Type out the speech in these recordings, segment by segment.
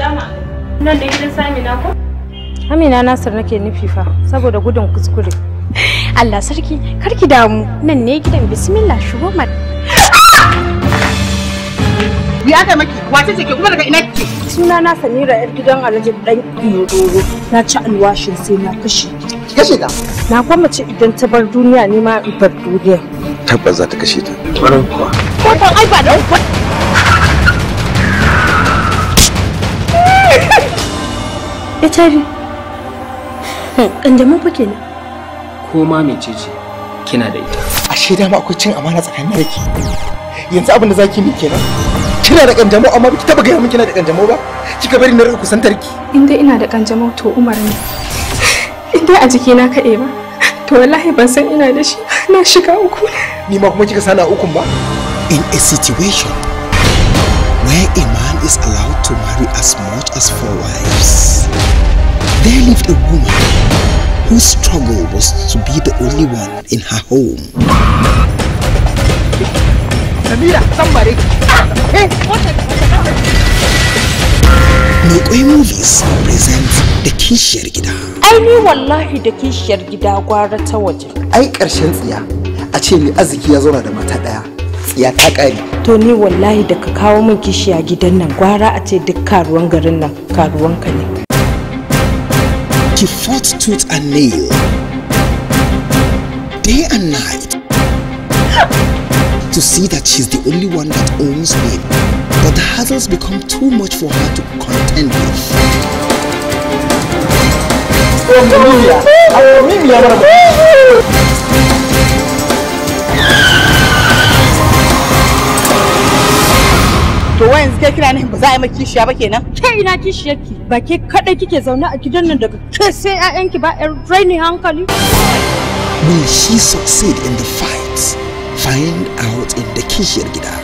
Salamu Nan da gidan Samina ko? Amina Nasir nake nufi fa saboda gudun kuskure. Allah sarki kar ki damu nan ne gidan bismillah shugo mat. Ah! Ya ga maki wace ce ke kuma daga ina kike? Suna na Samira yar gidan Alhaji dan Iyodogo. Na ci alwashin sai na kashe. Kashe ta. Na kuma ce idan ta bar duniya ne ma in bar duniya. Tabbas za ta kashe ta. Ko ta ai ba da HIV ƙanjamau fa kenan ko ma ce kina da ita ashe dama akwai cin amana tsakanin da ke yanzu abin da zaki mi kenan kina da ƙanjamau amma biki taɓa gaya min kina da ƙanjamau ba kika bari na rika kusantar ki in dai ina da ƙanjamau to umar ne in dai a jikina kaɗai ba to wallahi ban san ina da shi na shiga uku ni ma kuma kika sana ukun ba in a situation where a man is allowed to marry as much as four wives There lived a woman whose struggle was to be the only one in her home. Samira, Movies presents da kishiyar gida. Ai wallahi da kishiyar gida gwara ta waje. Ai ƙarshen tsiya a ce mai arziki ya zauna da mata ɗaya tsiya ta ƙare. To ni wallahi da ka kawo min kishiya gidan nan gwara a ce duk karuwan garin nan karuwan ka ne. he fought tooth and nail, day and night, to see that she's the only one that owns me. But the hurdles become too much for her to contend with. Hallelujah! to wa yanzu ke kina nihin ba za a yi maki kishiya ba kenan kai ina kishiyarki ba ke kadai kike zaune a gidan nan daga ke sai 'ya'yanki ba ƴan raini hankali we she succeed in the fight find out in the kishiyar gida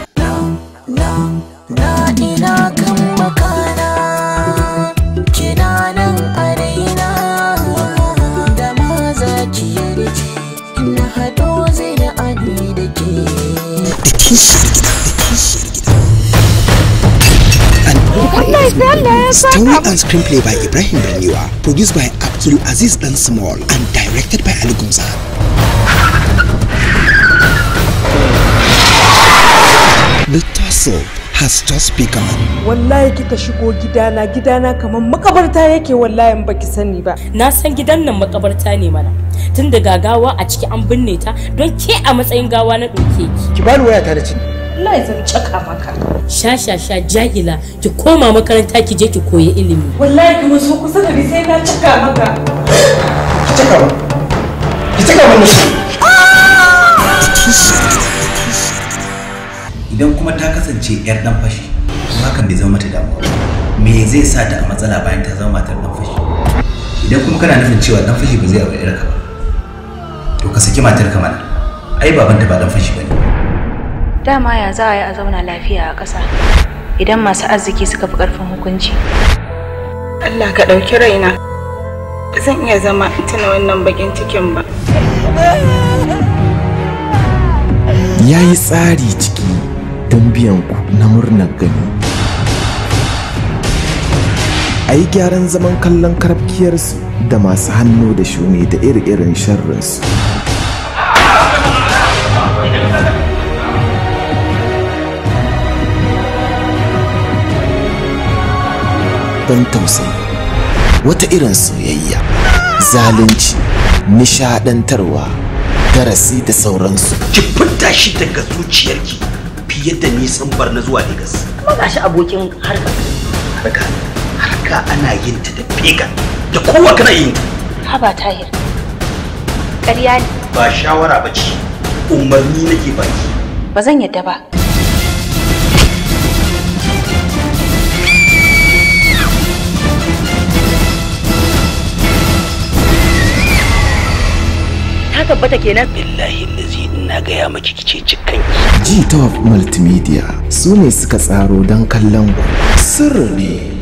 Story and screenplay by Ibrahim Berniwa, produced by Abdul Aziz Dan Small and directed by Ali Gumza. The tussle has just begun. Wallahi kika shigo gidana gidana kamar makabarta yake wallahi baki sani ba. Na san gidan nan makabarta ne mana. Tun daga gawa a ciki an binne ta don ke a matsayin gawa na doke. ki. bani waya ta da ci. Allah ya zan caka maka. shashasha jahila ki koma makaranta ki je ki koyi ilimi wallahi ki musu kusa da sai na cika maka ki cika ba ki cika ba musu idan kuma ta kasance yar dan fashi hakan bai zama mata damuwa me zai sa ta a matsala bayan ta zama matar dan fashi idan kuma kana nufin cewa dan fashi ba zai aure ka ba to ka saki matar ka mana ai babanta ba dan fashi bane dama ya za a yi a zauna lafiya a ƙasa idan masu arziki suka fi ƙarfin hukunci Allah ka ɗauki raina zan iya zama tuna wannan bakin cikin ba ya yi tsari ciki don biyan ku na murnar gani a yi gyaran zaman kallon karafkiyarsu da masu hannu da shuni da iri-irin sharrinsu sabon tausayi wata irin soyayya zalunci nishadantarwa darasi da sauransu ki fita shi daga zuciyarki fiye da nisan barna zuwa Legas maza shi abokin harka harka harka ana yin ta da fega da kowa kana yin ta haba tahir ƙarya ne ba shawara ba ce umarni nake baki ba zan yadda ba ta tabbata kenan billahi lazi ina gaya maki kice cikin G-Top Multimedia su ne suka tsaro don kallon sirri ne.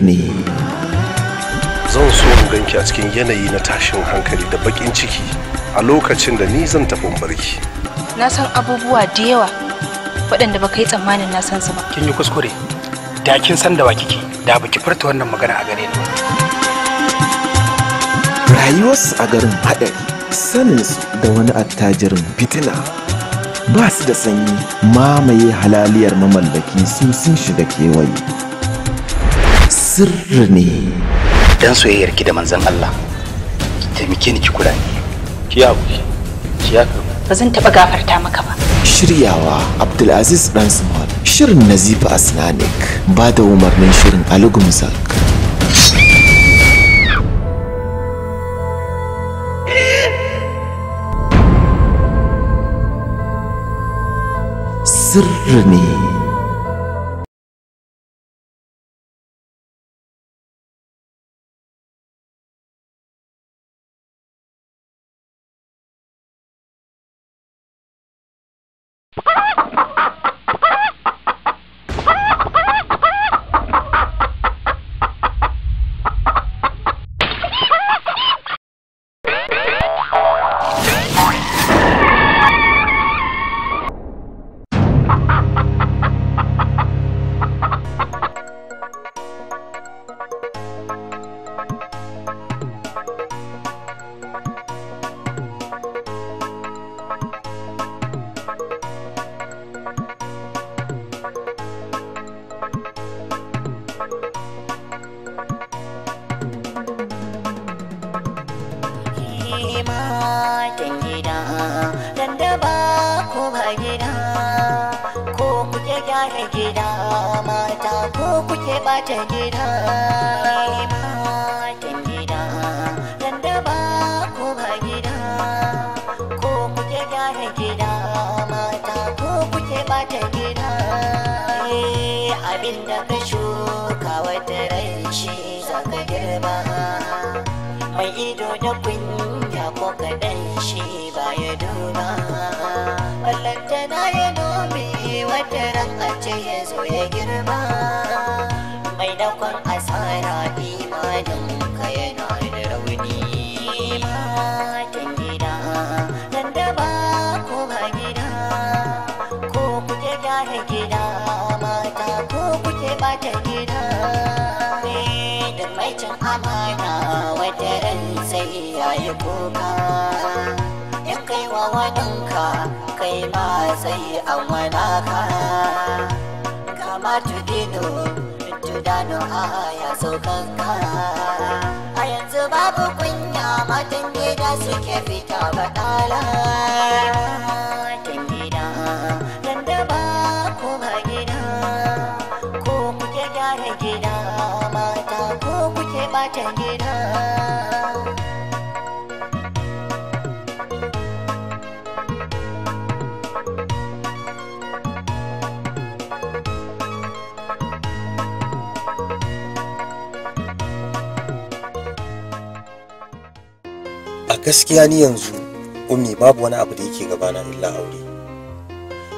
ne zan so mu ganki a cikin yanayi na tashin hankali da bakin ciki a lokacin da ni zan tafi barki na san abubuwa da yawa waɗanda baka yi tsammanin na san su ba kin yi kuskure da kin san da wa kike da baki furta wannan magana a gare ni rayuwarsu a garin haɗari saninsu da wani attajirin fitina ba su da sanyi mamaye halaliyar mamallaki sun sun shiga kewaye sirri ne dan soyayyar ki da manzon Allah ki taimake ni ki kula ni ki ya kuke ki ya kuke ba zan taba gafarta maka ba shiryawa Abdulaziz dan Small shirin Nazifa Asnanik ba da umarnin shirin Alugumzak sirri ne kai ma sai an wana ka kama tudino tudano a ya saukan ka a yanzu babu kunya matan gida suke fita baɗala gaskiya ni yanzu ummi babu wani abu da yake gabana illa aure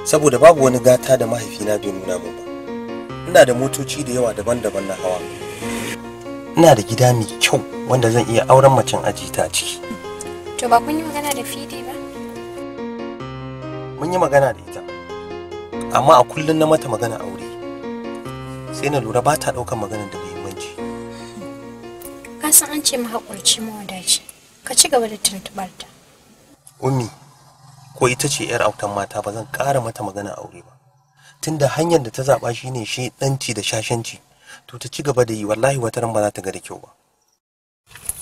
saboda babu wani gata da mahaifina bai nuna min ba ina da motoci da yawa daban-daban na hawa ina da gida mai kyau wanda zan iya auren macen aji ta ciki to ba kun yi magana da fidi ba mun yi magana da ita amma a kullum na mata magana aure sai na lura ba ta ɗaukar maganar da ka kasan an ce mu mu mawadaci ka ci gaba da tuntubar ta ummi ko ita ce yar autan mata ba zan ƙara mata magana aure ba tunda hanyar da ta zaɓa shine shi ɗanci da shashanci to ta ci gaba da yi wallahi wata ran ba za ta ga da kyau ba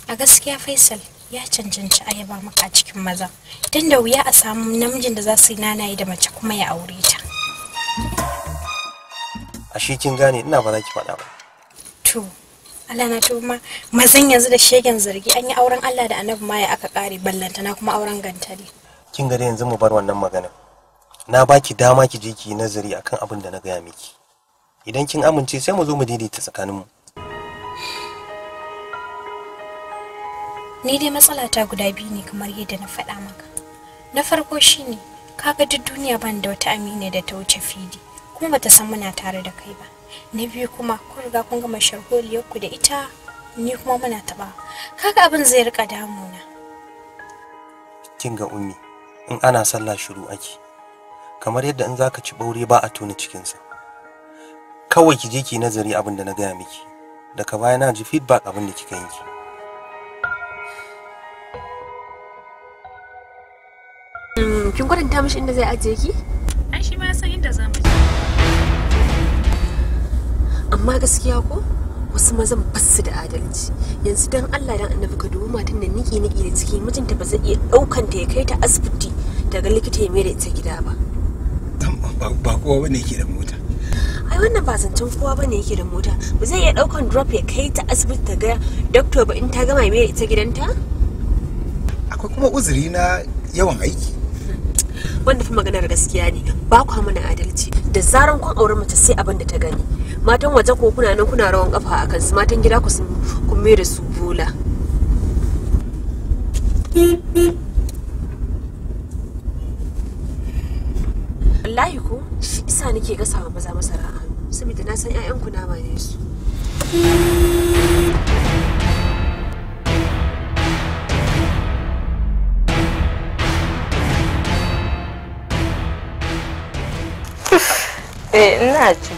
a gaskiya faisal ya cancanci a maka a cikin maza tun da wuya a samu namijin da za su yi nanaye da mace kuma ya aure ta a shi kin gane ina ba za ki faɗa ba to Allah na tuba mazan yanzu da shegen zargi an yi auren Allah da Annabi ma ya aka kare ballanta na kuma auren gantali kin ga yanzu mu bar wannan magana na baki dama ki je ki nazari akan abin da na gaya miki idan kin amince sai mu zo mu daidaita tsakaninmu ni dai matsala ta guda biyu ne kamar yadda na faɗa maka na farko shine kaga duk duniya ban da wata amina da ta wuce fidi kuma bata san muna tare da kai ba na biyu kuma kun riga kun gama sharholiyar ku da ita ni kuma muna taba kaka abin zai rika na. kin ga ummi in ana sallah shiru ake kamar yadda in zaka ci baure ba a cikin sa kawai ki je ki nazari abin da na gaya miki daga baya na ji feedback abin da kika yi. kin gwadanta mishi inda zai ajiye ki An shi ma san inda za mu amma gaskiya ko wasu mazan su da adalci yanzu dan Allah dan annabi ka dubi matan nan niki niki da ciki mijinta ba zai iya daukan ta ya kai ta asibiti daga likita ya mere ta gida ba ba kowa bane yake da mota ai wannan ba zancen kowa bane yake da mota ba zai iya daukan drop ya kai ta asibiti ta ga doctor ba in ta gama ya mere ta gidanta akwai kuma uzuri na yawan aiki wanda fi maganar gaskiya ne ba kwa mana adalci da zaran kun aure mace sai abin da ta gani matan waje ko kuna nan kuna rawan kafa a kansu matan gida ku kun mai da su bola wallahi ku isa nake gasa wa maza masara saboda na san 'ya'yanku na ne su Eh, ina ci.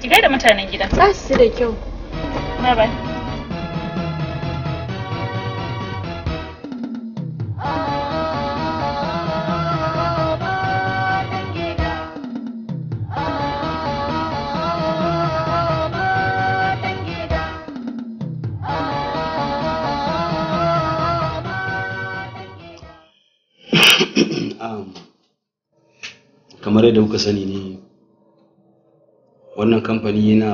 Ki gaida mutanen gidan Za su da kyau. Bye bye. kamar yadda kuka sani ne wannan kamfani yana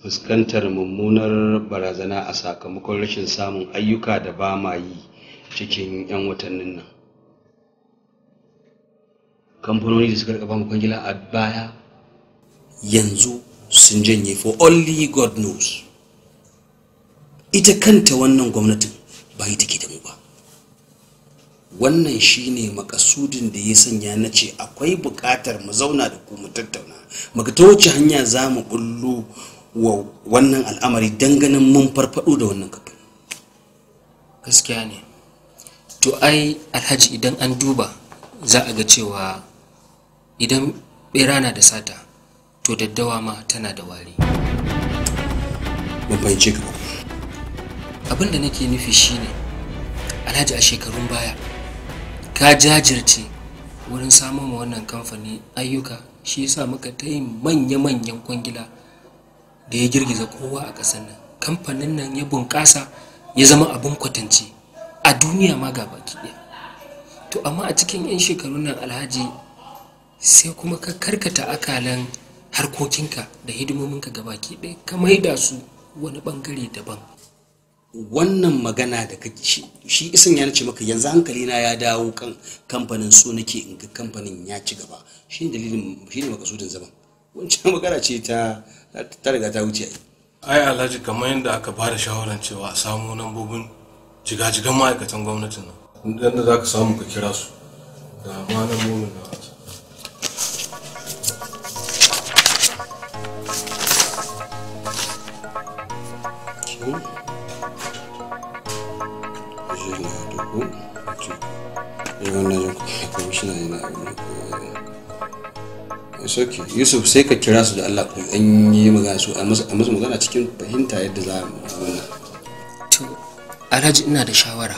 fuskantar mummunar barazana a sakamakon rashin samun ayyuka da ba ma yi cikin 'yan watannin nan kamfanoni da suka ba kwangila a baya yanzu sun janye for only god knows ita kanta wannan gwamnatin ba ita ke da wannan shine makasudin da ya sanya na ce akwai bukatar mu zauna da ku mu tattauna muka ta wuce hanya za mu bullo wa wannan al'amari ganin mun farfado da wannan kafin gaskiya ne to ai alhaji idan an duba za a ga cewa idan bera na da sata to daddawa ma tana da wari fahimce abin da nake nufi shine alhaji a shekarun baya ka jajirce wurin samun ma wannan kamfani ayyuka shi yasa muka ta yin manya-manyan kwangila da ya girgiza kowa a ƙasar nan kamfanin nan ya bunƙasa ya zama abin kwatance a duniya ma ga baki ɗaya to amma a cikin 'yan shekarun nan alhaji sai kuma ka karkata akalan harkokinka da hidimominka ga baki ɗaya ka da su wani ɓangare daban wannan magana da ka shi isan ya nace maka yanzu hankali na ya dawo kan kamfanin so nake in ga kamfanin ya ci gaba shi ne dalilin shi ne makasudin zaman wancan magana ce ta ta riga ta wuce ai alhaji kamar yadda aka bada shawaran cewa a samu lambobin jigajigan ma'aikatan gwamnatin nan yadda za ka samu ka kira su da ma lambobin na Thank yusuf sai ka kira su da allah ku an yi magana su a musu magana cikin fahimta yadda za mu wannan to alhaji ina da shawara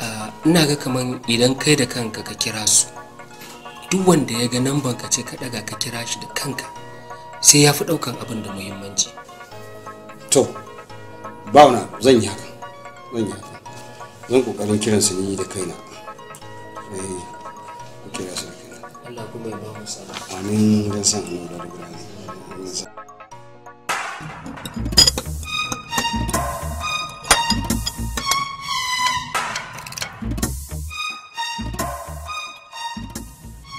ah, ina ga kaman idan kai da kanka ka kira su duk wanda ya ga nan banka ce ka daga ka kira shi da kanka sai ya fi daukan abin da muhimmanci to ba zan yi haka zan yi haka zan kokarin kiran su ni da kaina eh ku kira su Allah kuma ya ba mu sa'a amin ran san Allah da rabbana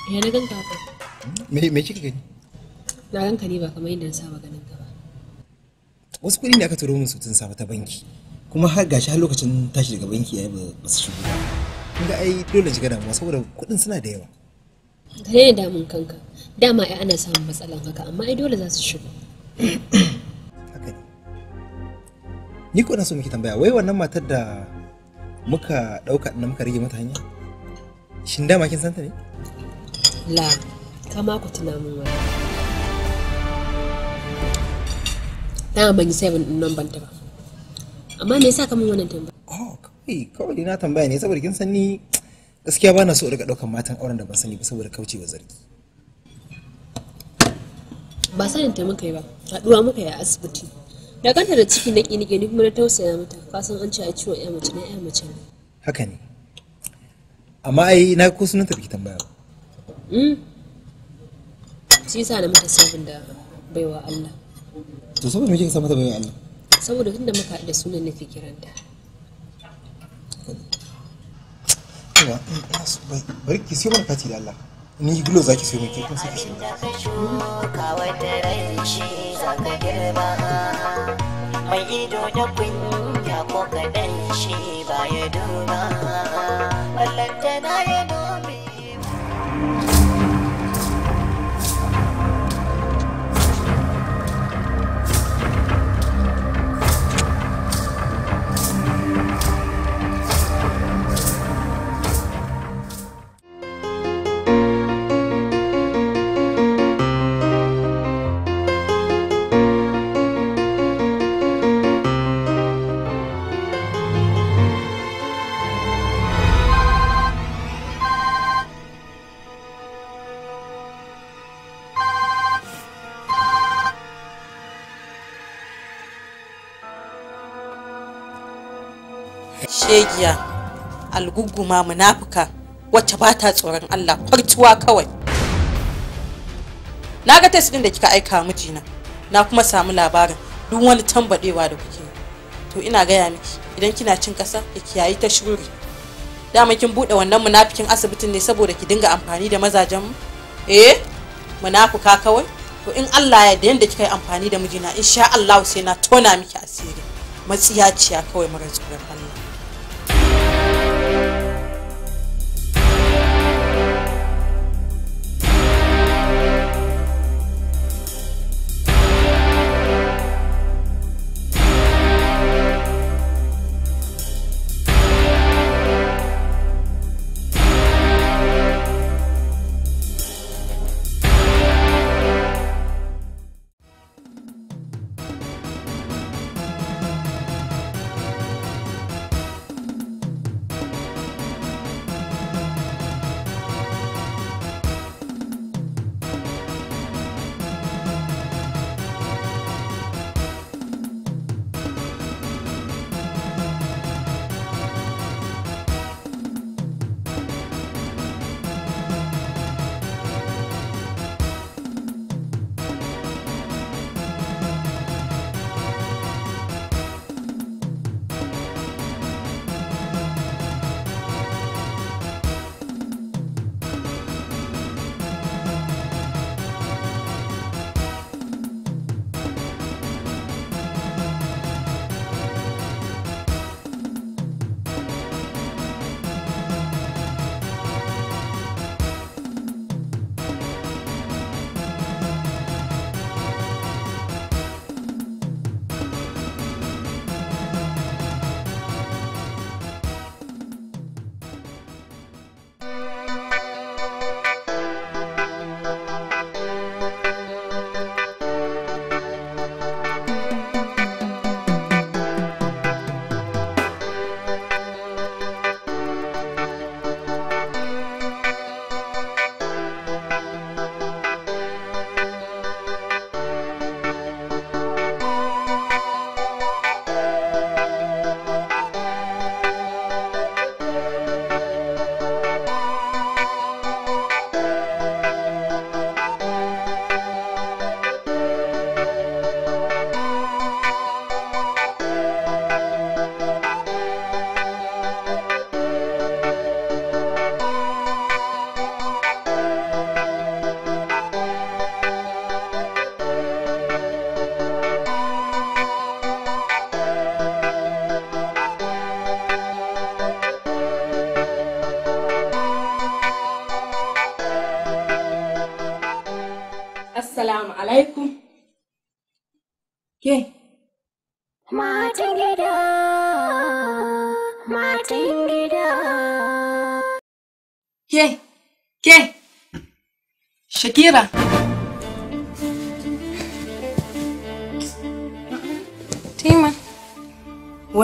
Ya na ganka ka. Me me kika gani? Na ganka ne ba kamar yadda na saba ganin ka ba. Wasu kudi ne aka turo min su tun safe ta banki. kuma har gashi har lokacin tashi daga banki ya yi ba su shigo ba ga ai dole shiga damuwa saboda kuɗin suna da yawa ka ne damun kanka dama ai ana samun matsalan haka amma ai dole za su shigo haka ne ni ko na so miki tambaya wai wannan matar da muka ɗauka na muka rage mata hanya shin dama kin santa ne la kama ku mun wani dama ban yi sai ban nan ban ta ba amma me yasa ka mun wannan tambaya oh kai kawai na tambaya ne saboda kin sani gaskiya gaskiya na so riga daukan matan auren da ban sani ba saboda kaucewa zargi ba sanin ta muka yi ba haduwa muka yi a asibiti da kanta da ciki na kini gani kuma na tausaya mata ka san an ci a ciwon ya mace na ya mace ne haka ne amma ai na ko ta biki tambaya ba mm shi yasa na mata sabon da baiwa Allah to saboda me kika sa mata baiwa Allah saboda tunda muka da sunan nake kiranta ina ina su bai bari ki siyo mana da Allah ni gulo zaki siyo min kin sai shi mai ido da ko kadan ba ya shegiya alguguma munafuka wacce ba ta tsoron Allah kwartuwa kawai na ga test din da kika aika mijina na kuma samu labarin duk wani tambadewa da kuke to ina gaya miki idan kina cin kasa ki kiyayi ta shuri dama kin bude wannan munafikin asibitin ne saboda ki dinga amfani da mazajen mu eh munafuka kawai to in Allah ya da kika yi amfani da mijina insha Allah sai na tona miki asiri matsiyaciya kawai mara tsoron Allah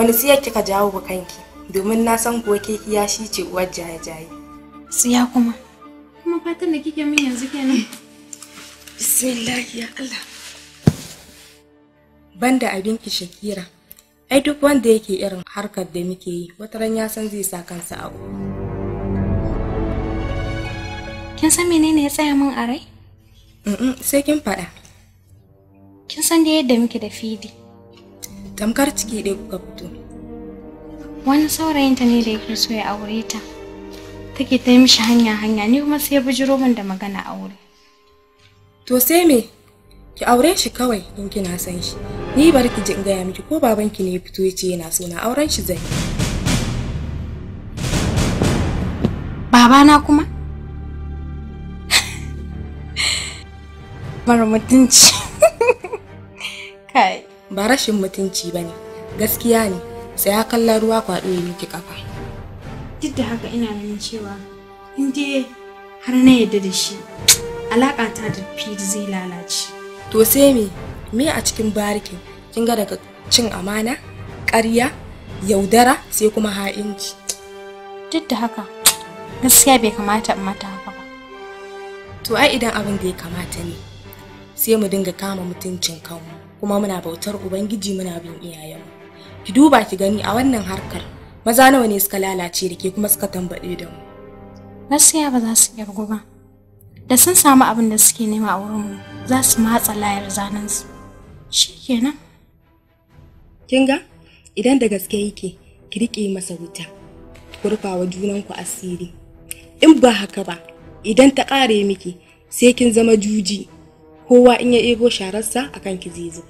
wani siyar kika jawo wa kanki domin na san kuwa ke iya shi ce uwar jaye-jaye. siya kuma. Kuma fatan da kike min yanzu kenan. Bismillah ya Allah. Banda abin ki Shakira. Ai duk wanda yake irin harkar da muke yi wata ran ya san zai sa kansa a Kin san menene ya tsaya min a rai? sai kin faɗa. Kin san da yadda muke da fidi. tamkar ciki ɗaya kuka fito wani saurayinta ne da yake so ya aure ta take ta mishi hanya hanya ni kuma sai bijiro min da magana aure to sai me ki aure shi kawai in kina san shi ni bari ki ji in gaya miki ko babanki ne ya fito ya ce yana so na auren shi zai babana kuma mara mutunci kai ba rashin mutunci ba ne gaskiya ne sai ya kalla ruwa kwaɗo ya miki kafa duk da haka ina ganin cewa in dai har na yadda da shi alaƙa ta da fit zai lalace to sai me me a cikin barikin kin ga daga cin amana ƙarya yaudara sai kuma ha'inci duk da haka gaskiya bai kamata in mata haka ba to ai idan abin da ya kamata ne sai mu dinga kama mutuncin kanmu kuma muna bautar ubangiji muna bin iyayenmu ki duba ki gani a wannan harkar maza nawa ne suka lalace da ke kuma suka tambaɗe da mu gaskiya ba za su yargu ba da sun samu abin da suke nema a wurinmu za su matsa layar zanen su shi kenan kin ga idan da gaske yake ki riƙe masa wuta ku rufawa junanku asiri in ba haka ba idan ta ƙare miki sai kin zama juji kowa in ya ego shararsa a kan kizizi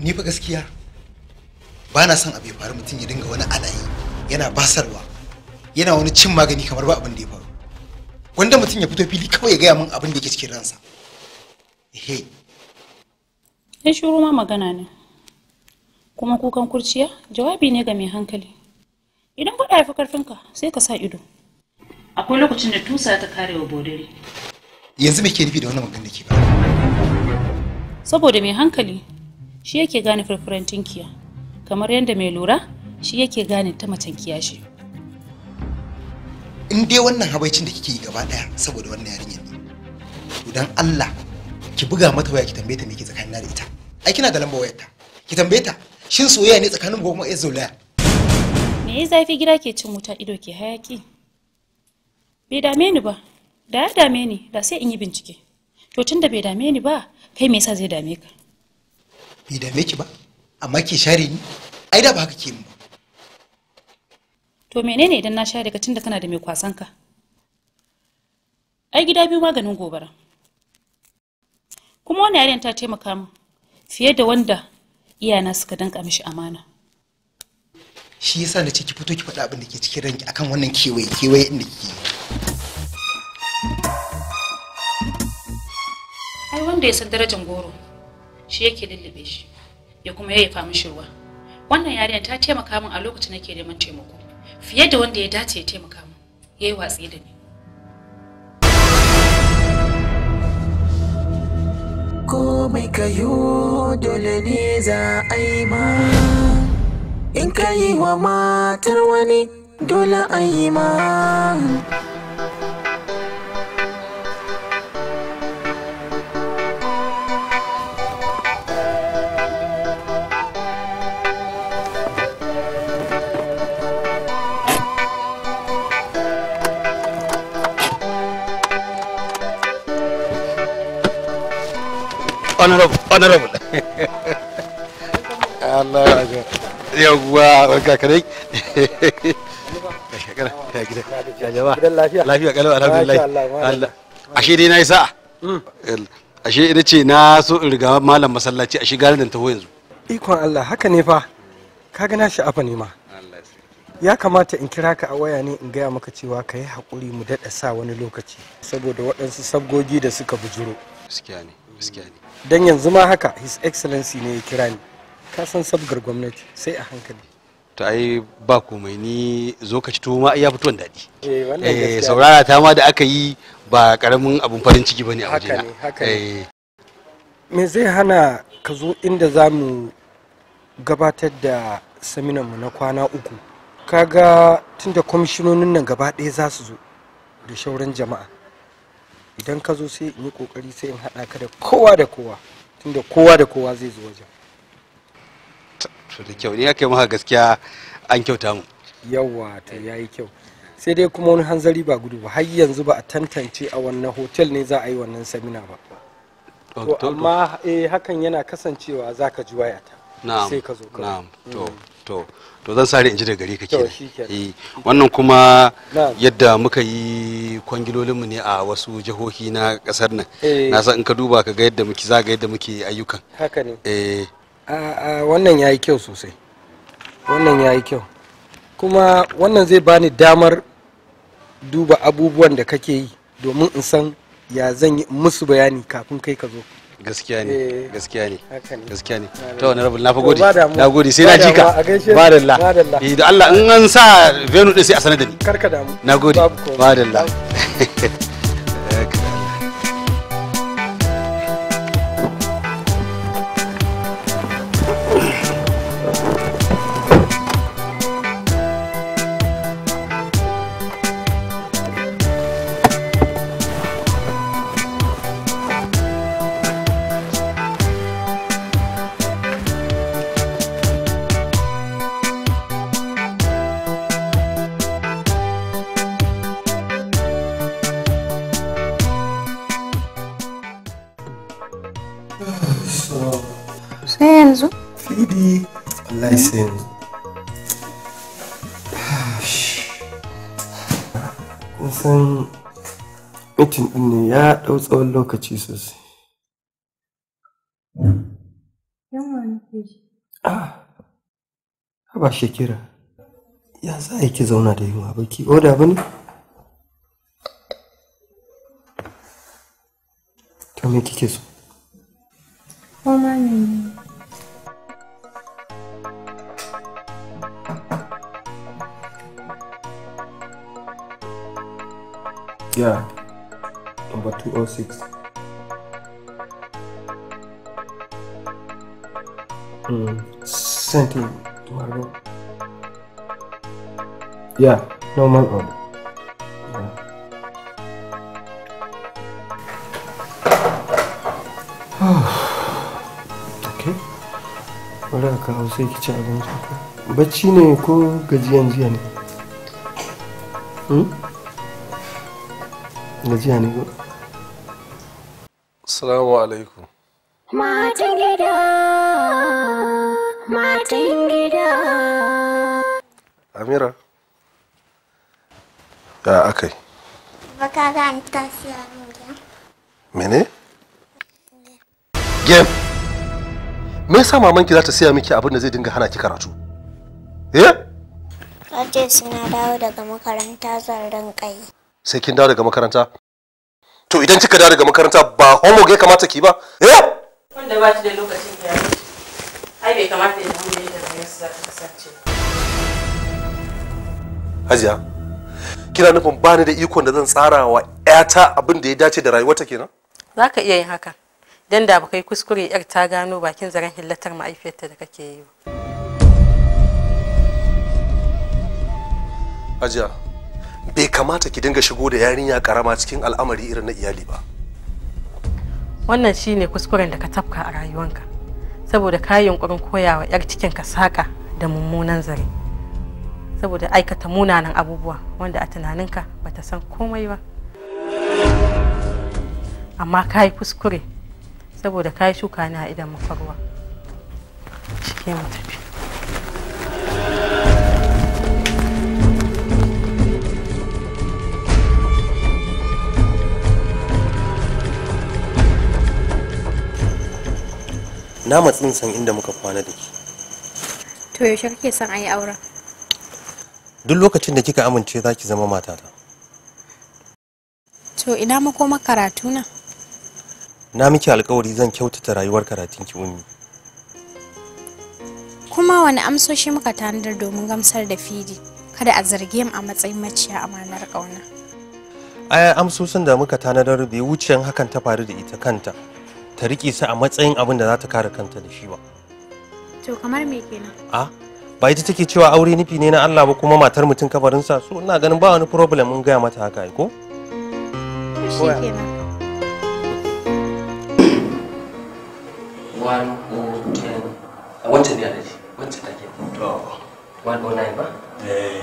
ni fa gaskiya ba na son abu ya faru mutum ya dinga wani anayi yana basarwa yana wani cin magani kamar ba abin da ya faru wanda mutum ya fito fili kawai ya gaya min abin da yake cikin ransa he ya shuru ma magana ne kuma kukan kurciya jawabi ne ga mai hankali idan faɗa ya fi karfinka sai ka sa ido akwai lokacin da tusa ta karewa wa bodari yanzu me ke nufi da wannan magana ke ba saboda mai hankali shi yake gane farfaran tinkiya kamar yadda mai lura shi yake gane ta macen kiyashi in dai wannan habaicin da kike yi gaba daya saboda wannan yarinyar ne to Allah ki buga mata waya ki tambaye ta me ke tsakanin da ita ai kina da lambar wayar ta ki tambaye ta shin soyayya ne tsakanin mu kuma zolaya me yasa fi gida ke cin wuta ido ke hayaki bai dame ni ba da ya dame ni da sai in yi bincike to tunda bai dame ni ba kai me yasa zai dame ka bai dame ki ba amma ki share ni ai da ba haka ke ni ba to menene idan na share ka tunda kana da mai kwasan ka ai gida biyu maganin gobara kuma wani yaren ta taimaka min fiye da wanda iyana suka danka mishi amana shi yasa na ce ki fito ki faɗa abin da ke cikin ranki akan wannan kewaye kewaye inda kike ai wanda ya san darajar goro shi yake lullube shi ya kuma yayyafa mishi ruwa wannan yarinyar ta taimaka min a lokacin nake neman taimako fiye da wanda ya dace ya taimaka min yayi watsi da ni ko mai kayo dole ne za a yi ma in ka yi wa matar wani dole a yi ma honorable honorable Allah ya dai gidan lafiya Allah sa'a hmm. ashe ita ce na so in riga malam masallaci ashe garin da taho yanzu ikon Allah haka ne fa kaga na sha'afa ne ma ya kamata in kira ka a waya ne in gaya maka cewa ka yi haƙuri mu daɗa sa wani lokaci saboda waɗansu sabgogi da suka bujuro gaskiya ne gaskiya ne don yanzu ma haka his excellency ne ya kira ni ka san sabgar gwamnati sai a hankali to ai ba komai ni zo ka ci tuwo ma iya fito daɗi eh, eh saurara ta ma da aka yi ba karamin abun farin ciki bane a wajena haka eh. me zai hana ka zo inda za mu gabatar da saminan mu na kwana uku kaga tunda kwamishinonin nan gaba ɗaya za su zo da shauran jama'a idan ka zo sai in yi kokari sai in haɗa ka da kowa da kowa tunda kowa da kowa zai zo wajen da kyau ne ya kai maka gaskiya an kyauta mu yawa ta yayi kyau sai dai kuma wani hanzari ba gudu ba har yanzu ba a tantance a wannan hotel ne za a yi wannan samina ba to amma eh hakan yana kasancewa za ka ji wayata sai ka zo ka to mm. to to zan sare in ji da gare ka kenan eh, wannan kuma yadda muka yi kwangilolinmu ne a wasu jihohi na kasar nan eh. na san in ka duba ka ga yadda muke za yadda muke ayyukan haka ne eh wannan yayi kyau sosai wannan yayi kyau kuma wannan zai bani damar duba abubuwan da kake yi domin in san ya zan yi musu bayani kafin kai ka zo gaskiya eh, ne gaskiya ne gaskiya ne ta wani rabu na fa gode na gode sai na jika badalla eh, da Allah in an sa venu din sai a sanar da ni karka damu na gode badalla ɗau tsawon lokaci sosai. Hmm. Yunwa nake ji. Ah, haba shekira. Ya za a ki zauna da yunwa ba ki oda ba ne? Ta me kike so? Koma ne. Yeah. number 206. Mm, sent in room. Yeah, normal order. okay. sai ki ci abinci. Bacci ne ko gajiyan jiya ne? Hmm? Gajiya ne ko? Assalamu alaikum. Matan gida, matan gida. Amira, ya aka yi? Baka ga an tasiya min Mene? Gem. Me yasa mamanki za ta siya miki abin da zai dinga hana ki karatu? Eh? Kace suna dawo daga makaranta zan rinka yi. Sai kin dawo daga makaranta? to idan kika dawo daga makaranta ba homework ya kamata ki ba eh wanda ba shi da lokacin ya ai bai kamata ya zama da rayuwar kasance hajiya kina nufin ba ni da ikon da zan tsara wa ƴata abin da ya dace da rayuwarta kenan zaka iya yin haka dan da bakai kuskure yar ta gano bakin zaren hillatar ma'aifiyarta da kake yi hajiya bai kamata ki dinga shigo da yarinya karama cikin al'amari irin na iyali ba wannan shine kuskuren da ka tafka a rayuwanka saboda ka yi yunkurin koyawa yar cikin ka saka da mummunan zare saboda aikata munanan abubuwa wanda a tunaninka ba ta san komai ba amma ka yi kuskure saboda ka yi shuka na a idan makwarwa shi ke mu na matsin san inda muka kwana da ke to yaushe kake son a yi auren duk lokacin da kika amince za ki zama matata to ina makoma karatu na na miki alkawari zan kyautata rayuwar karatun ki wuni kuma wani amsoshi muka tanadar domin gamsar da fidi kada a zarge mu a matsayin maciya amanar kauna aya amsoshin da muka tanadar bai wuce hakan ta faru da ita kanta ta riƙe sa a matsayin abin da za ta kare kanta da shi ba to kamar me kenan a ba ita take cewa aure nufi ne na Allah ba kuma matar mutum sa so ina ganin ba wani problem mun gaya mata haka ko shi kenan one oh ten wancan ne wancan take to ba eh.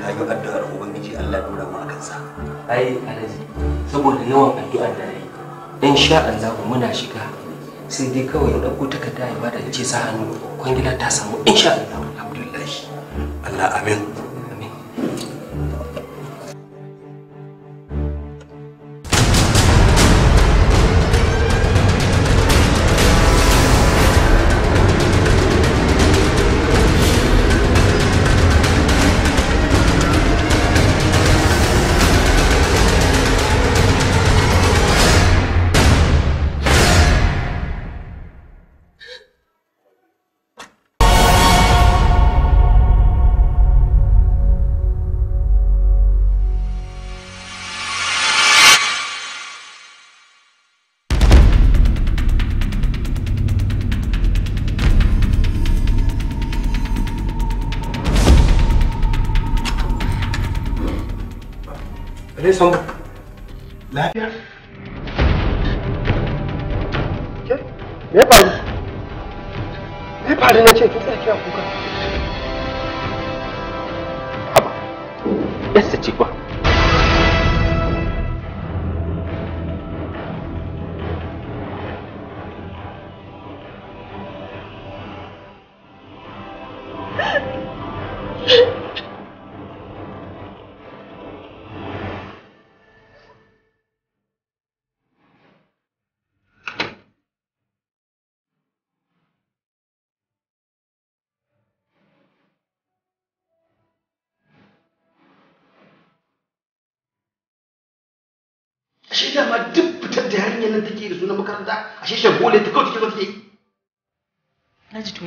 ka yi Allah ya kansa ai alaji saboda yawan addu'ar da nayi in sha Allah muna shiga sai dai kawai ya dauko takarda ya bada ce sa hannu kwangila ta samu in sha Allah abdullahi Allah amin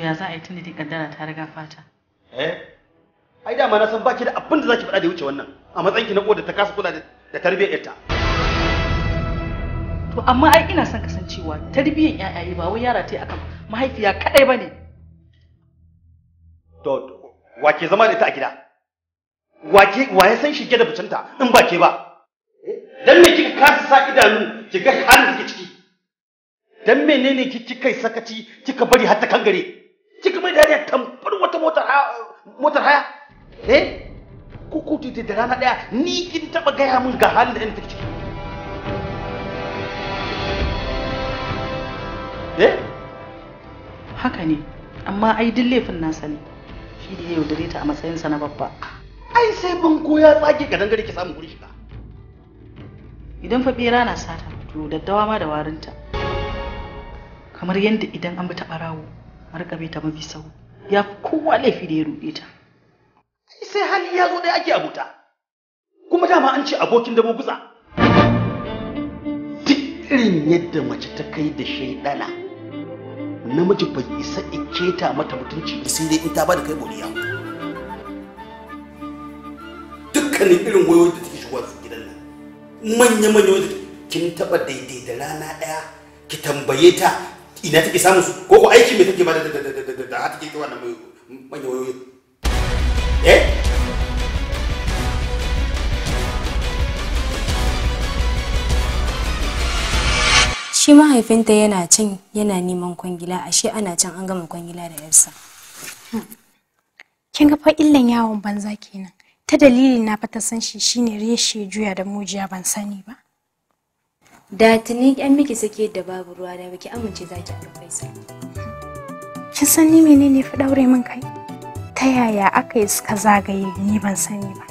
ya za a yi tunda dai kaddara ta riga fata eh ai dama na san baki da abin da zaki faɗa da wuce wannan a matsayin ki na da ta kasa kula da tarbiyyar ta to amma ai ina son kasancewa tarbiyyar yayaye ba wai yara ta akan mahaifiya kadai bane to wa ke zama da ita a gida wa ke wa ya san shige da bucinta in ba ke ba eh? dan me kika kasa sa idanu kiga halin da kike ciki dan menene kika sakaci kika bari har ta kangare motar motar haya eh ko ko da rana daya ni kin taba gaya mun ga halin da ina take ciki eh haka ne amma ai duk laifin nasa sani shi da ya dare ta a sa na babba ai sai bango koya tsage ka dangare ki samu guri shiga idan fa bera na sata to daddawa ma da warinta kamar yadda idan an bi ta barawo a rika bai ta mafi sau ya fi kowa laifi da ya ruɗe ta sai hali ya zo da ake abuta kuma dama an ce abokin dabo gutsa duk irin yadda mace ta kai da shaidana namiji bai isa iketa mata mutunci sai dai in ta ba da kai boliya. dukkanin irin wayoyi da take shigowa gidan nan manya-manya kin taba daidai da rana ɗaya ki tambaye ta ina take samu su ko ko aiki me take ba da da da da da take wannan manyan wayoyi eh shi mahaifinta yana can yana neman kwangila ashe ana can an gama kwangila da yarsa kin ga fa illan yawon banza kenan ta dalilin na fata san shi shine reshe juya da mujiya ban sani ba da tuni yan miki sake da babu ruwa da baki amince zaki aure Faisal kin san ni menene fi daure min kai ta yaya aka yi suka zagaye ni ban sani ba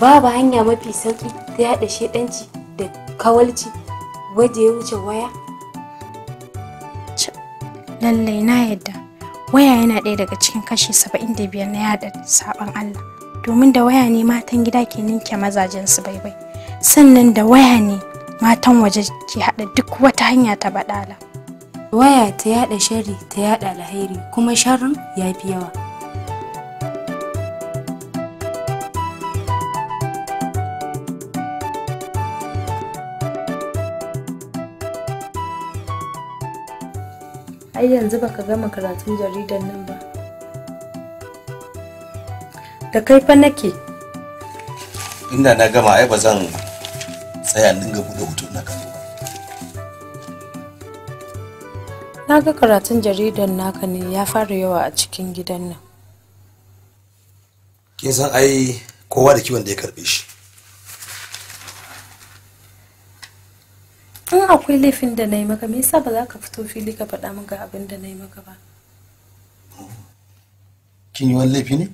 babu hanya mafi sauki ta yada shedanci da kawalci waje ya wuce waya lallai na yadda waya yana ɗaya daga cikin kashi biyar na yada sabon Allah domin da waya ne matan gida ke ninke mazajen su baibai sannan da waya ne matan waje ke haɗa duk wata hanya ta baɗala. Waya ta yaɗa shari ta yaɗa alheri kuma sharrin ya fi yawa. ai yanzu ba ka gama karatun jaridar nan ba da kai fa nake inda na gama ai ba zan tsaya dinga buɗe hoto na kallo na ga karatun jaridan naka ne ya fara yawa a cikin gidan nan kin san ai kowa da kiwon da ya karbe shi in akwai laifin da na yi maka me yasa ba za ka fito fili ka faɗa min ga abin da na yi maka ba kin yi wani laifi ne?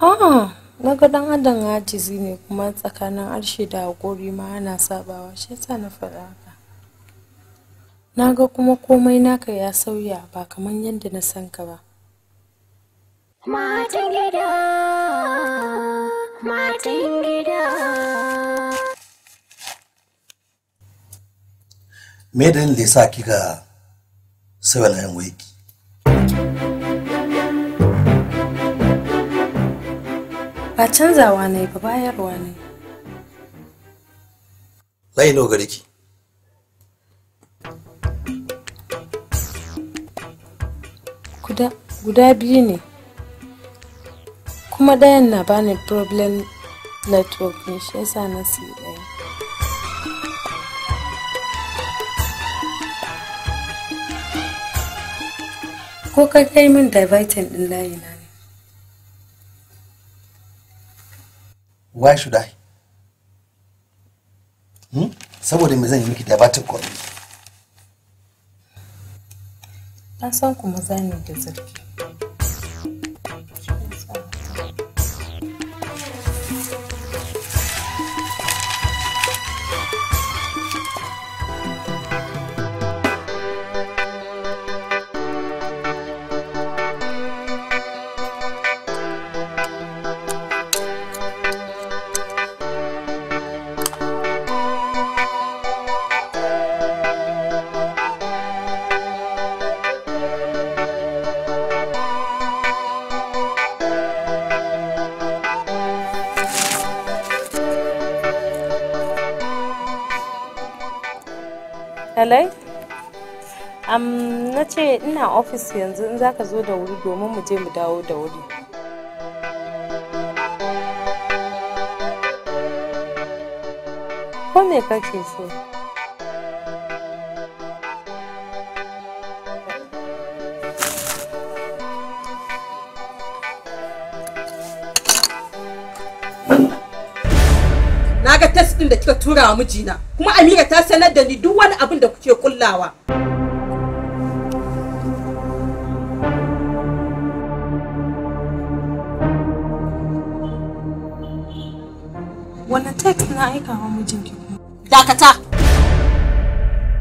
Ah. na ga dan adam ajizi ne kuma tsakanin arshe da haƙori ma ana sabawa shi yasa na faɗa haka na ga kuma komai naka ya sauya ba kamar yadda na san ka ba matan gida matan gida me dalilin da ya sa kika sauya layin wiki Ba canzawa ne, ba bayarwa ne. Layi nawa ki? Guda, biyu ne. Kuma ɗayan na bani problem network ne shi yasa na siya ɗaya. Ko ka kai min diverting ɗin layi na. why should i hmm? saboda me zan yi miki diabetic copy na san kuma zani da zurfi Alai? Um, na ce ina ofis yanzu in za ka zo da wuri domin mu je mu dawo da wuri. Ko me kake so? din da kika tura wa mijina kuma Amira ta sanar da ni duk wani abin da kuke kullawa. Wani text na aika wa mijinki Dakata!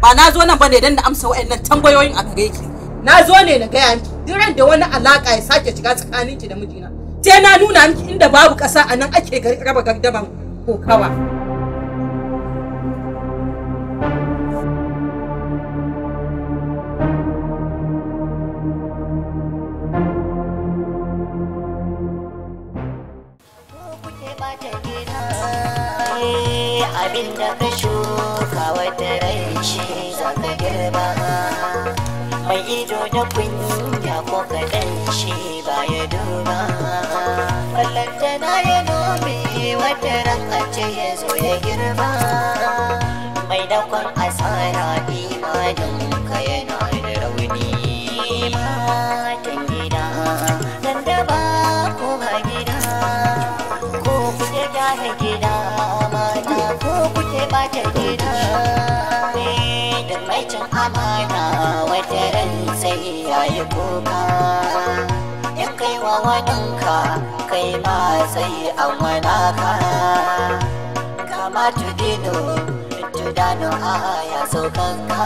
Ba na zo nan bane don na amsa wa'annan tambayoyin a gare ki. Na zo ne na gaya miki duk da wani alaka ya sake shiga tsakaninki da mijina. Sai na nuna miki inda babu ƙasa a nan ake raba gardaban kokawa. sakon asara imanin ka yana da rauni matan gida nan da ba ko ba gida ko kuke gyara gida mata ko kuke bata gida eh, da mai cin amana wata ran sai yayi kuka in kai wa wadanka kai ma sai an ka kama tudino idanu aya saukanka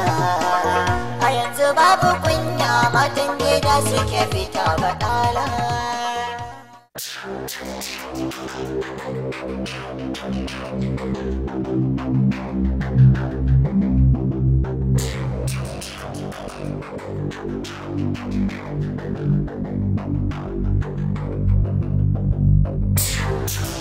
a yanzu babu kunya matan gida suke fita baɗala Thank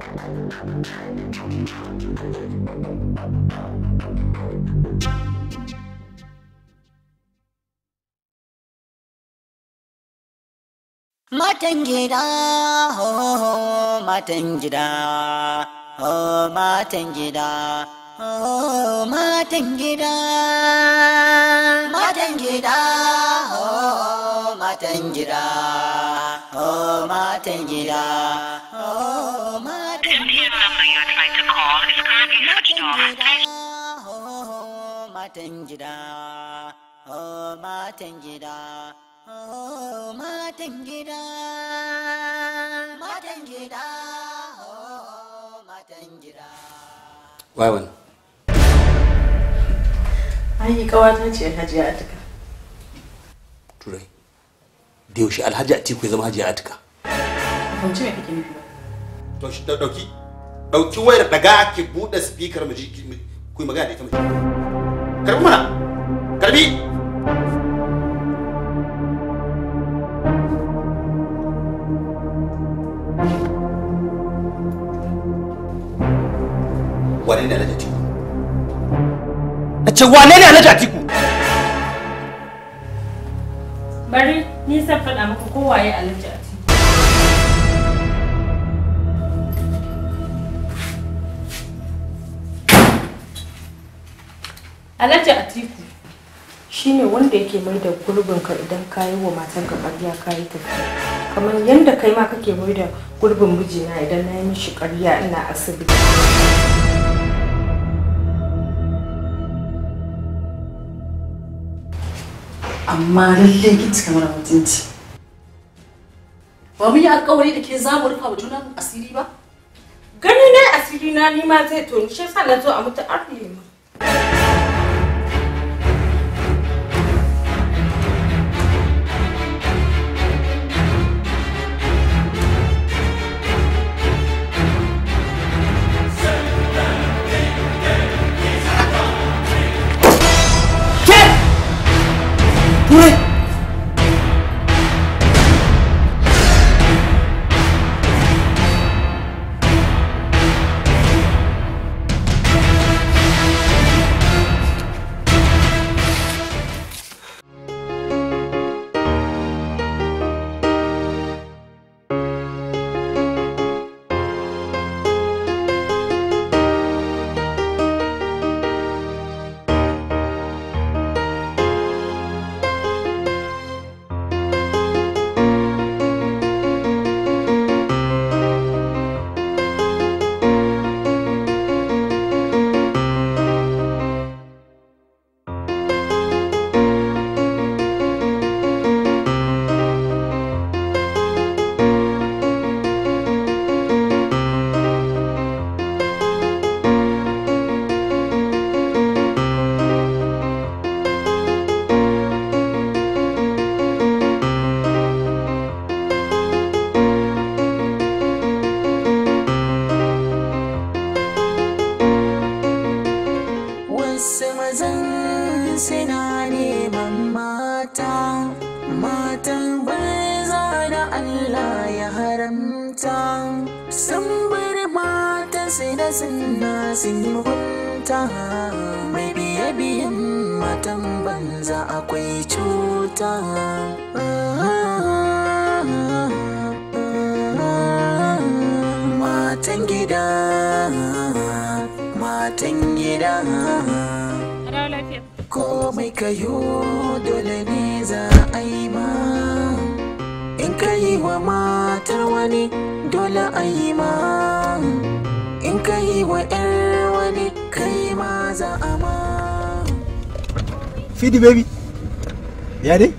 Matan gida, oh, matan gida, oh, matan gida, oh, matan gida, matan gida, oh, matan gida, oh, matan gida, oh, matan gida matan gida matan gida matan gida matan gida ai kawata ce hajiya atika turai da yaushe alhaji ya zama a atika ce kake nufi ba to shi ta dauki dauki wayar daga ki bude speaker mu ji ku magana da ita mu karbi mana karbi wane ne alhaji atiku a ce wane ne alhaji atiku bari ni san faɗa maka kowaye alhaji atiku Alhaji Atiku shine wanda yake mai da gurbinka idan ka yi wa matanka ƙarya ka yi tafiya. Kamar yadda kai ma kake mai da gurbin mijina idan na yi mishi ƙarya ina asibiti. Amma lallai ki kamar mana mutunci. Ba mu yi alƙawari da ke za mu rufa wa juna asiri ba? Gani na asiri na ni ma zai to ni shi yasa na zo a mutu arle mu. Allah ya haramta sun bar mata zina suna sun mai biye biyan matan banza akwai cuta matan gida matan gida komai kayo dole ne za a yi ma ka wa matar wani dole a yi ma in ka yi wa 'yar wani kai ma za a ma fidi baby ya dai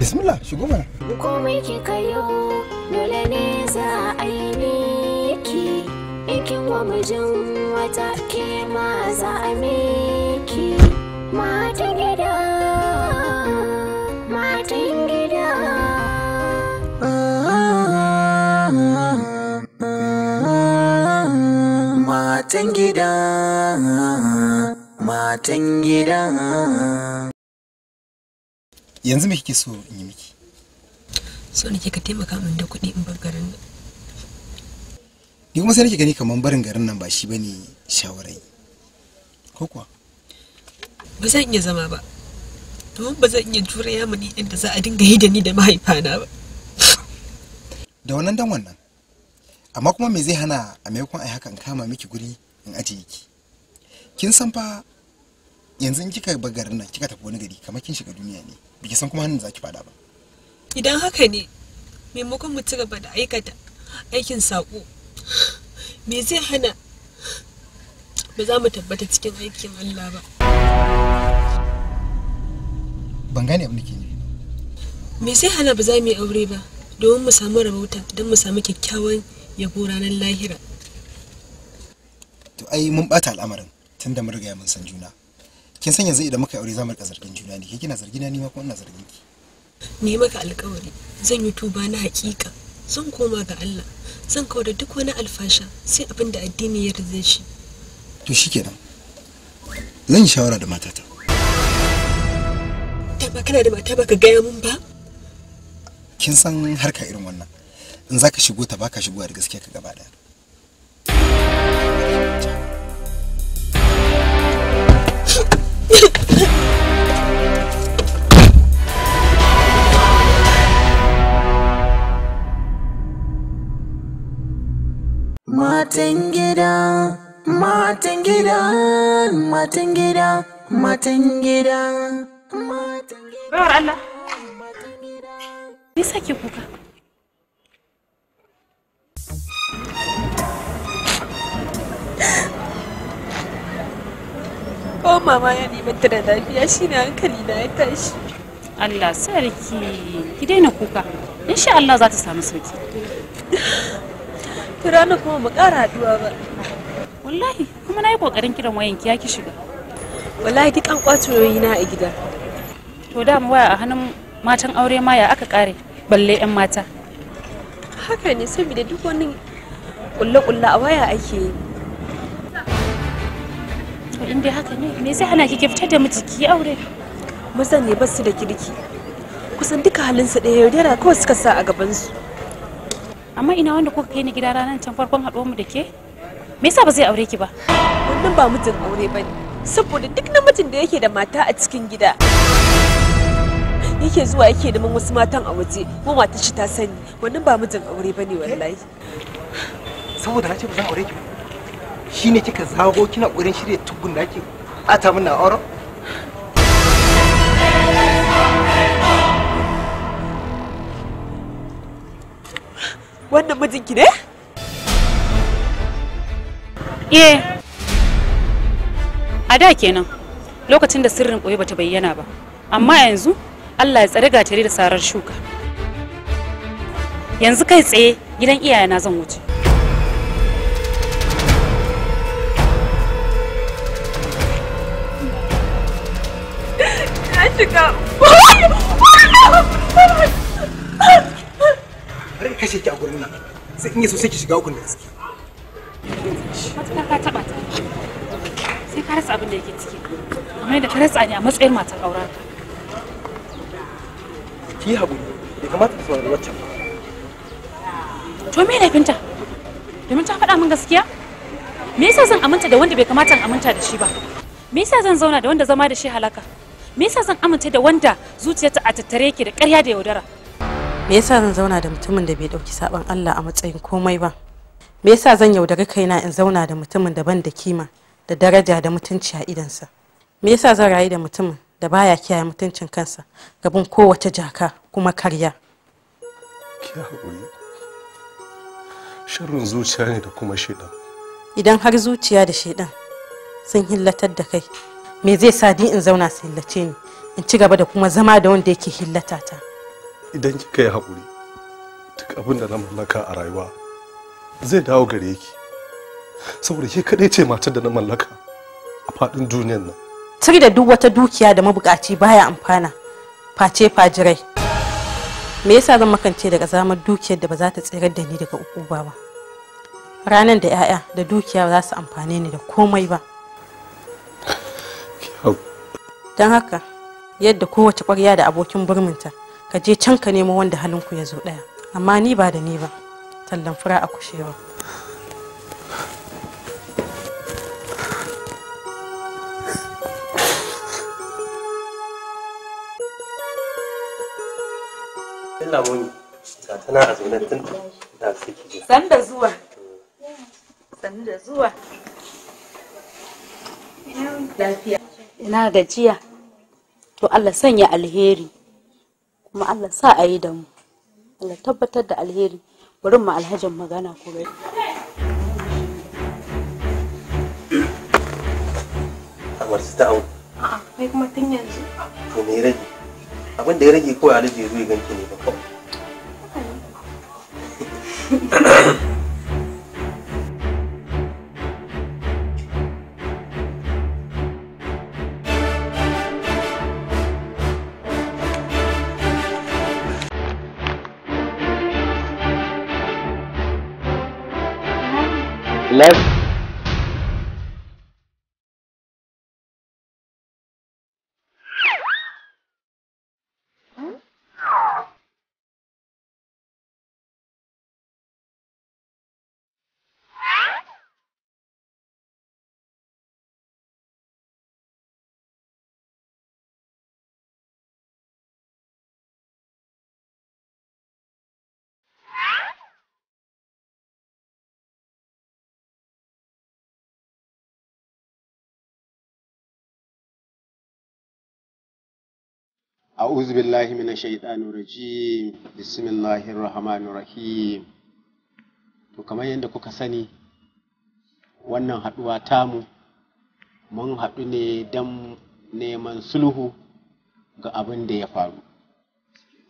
bismillah shigo mana komai ke kayo dole ne za a yi ne ikin wa mijin wata ke ma za a miki matan gida matan gida matan gida matan gida yanzu me kike so in yi miki so nake ka taimaka min da kuɗi in bar garin ni kuma sai nake gani kamar barin garin nan ba shi bane shawarai ko kuwa ba zan iya zama ba domin ba zan iya jure ya mani inda za a dinga yi ni da mahaifana ba da wannan dan wannan amma kuma me zai hana a maimakon ai haka in kama miki guri in ajiye ki kin san fa yanzu in kika bar garin nan kika tafi wani gari kamar kin shiga duniya ne biki san kuma hannun zaki fada ba idan haka ne maimakon mu ci gaba da aikata aikin sako me zai hana ba za mu tabbata cikin aikin Allah ba ban gane abin da ke yi. me zai hana ba za mu yi aure ba domin mu samu rabauta don mu samu kyakkyawan yabo ranar lahira to ai mun bata al'amarin tun da mun riga mun san juna kin san yanzu idan muka yi aure za mu rika zargin juna ne kina zargina ni ma kuma ina zargin ki ni maka alkawari zan yi tuba na hakika zan koma ga Allah zan kawo da duk wani alfasha sai abin da addini ya rize shi to shikenan zan yi shawara da matata ta ba kana da mata baka gaya mun ba kin san harka irin wannan in zaka shigo ta baka shigo da gaskiya ka gaba daya Yeah. matan gida matan gida matan gida matan gida Bawar Allah ke kuka? mama ya nemanta da lafiya shi hankali na ya tashi. Allah sarki, ki daina kuka. Insha Allah za ta samu sauki. kira na kuma mu ƙara haɗuwa ba. Wallahi kuma na yi ƙoƙarin kiran wayan ki ya ki shiga. Wallahi duk an yoyi na a gida. To da mu waya a hannun matan aure ma ya aka ƙare balle 'yan mata. Haka ne saboda duk wani ƙulle-ƙulle a waya ake yi. To in dai haka ne me zai hana ki fitar da miji ki aure? Mazan ne basu da kirki. Kusan duka halinsu ɗaya yaudara kawai suka sa a gabansu. amma ina wanda kuka kai ni gida ranar can farkon haɗuwar mu da ke me yasa ba zai aure ki ba wannan ba mutum aure bane saboda duk namijin da yake da mata a cikin gida yake zuwa yake neman wasu matan a waje ko mata shi ta sani wannan ba mijin aure bane wallahi saboda na ce ba zan aure ki ba shine kika zago kina ƙoƙarin shirya tukun da ake ata min na auren Wannan mijinki ne? Eh. A da kenan lokacin da sirrin koyi bata bayyana ba. Amma yanzu Allah ya tsare gatari da sarar shuka. Yanzu kai tsaye gidan na zan wuce. shiga. bari in kashe ki a gurin nan sai in yi so sai ki shiga hukun da gaske matuƙa ka taɓa ta sai ka rasa abin da yake ciki kamar yadda ka rasa ni a matsayin matan auren ki yi haƙuri bai kamata ki saurari wacce ba to me laifinta domin ta faɗa min gaskiya me yasa zan aminta da wanda bai kamata in aminta da shi ba me yasa zan zauna da wanda zama da shi halaka me yasa zan aminta da wanda zuciyarta a tattare yake da ƙarya da yaudara me yasa zan zauna da mutumin da bai dauki saban Allah a matsayin komai ba me yasa zan yaudari kaina in zauna da mutumin da ban da kima da daraja da mutunci a idansa me yasa zan rayu da mutumin da baya kiyaye mutuncin kansa gaban kowace jaka kuma karya sharrin zuciya ne da kuma shaidan idan har zuciya da shaidan sun hillatar da kai me zai sa ni in zauna su hillace ni in ci gaba da kuma zama da wanda yake hillata ta idan kika yi haƙuri duk abin da na mallaka a rayuwa zai dawo gare ki saboda ke kaɗai ce matar da na mallaka a faɗin duniyar nan tiri da duk wata dukiya da mabukaci baya amfana face fajirai me yasa zan makance daga zamar dukiyar da ba za ta tsirar da ni daga ukuba ba ranar da 'ya'ya da dukiya ba za su amfane ni da komai ba don haka yadda kowace kwarya da abokin burminta ka je can ka nemo wanda halinku ya zo ɗaya amma ni ba da ni ba tallan fura a kushewa zuwa. Ina gajiya. To Allah sanya alheri. kuma Allah sa a yi da mu Allah tabbatar da alheri bari mu alhajin magana ko bai kamar su ta'au a kai kuma tun yanzu to me rage abin da ya rage ko ya rage zai ganki ne ba ko أعوذ بالله من الشيطان الرجيم بسم الله الرحمن الرحيم to kamar yadda kuka sani wannan haɗuwa tamu mun haɗu ne don neman sulhu ga abin da ya faru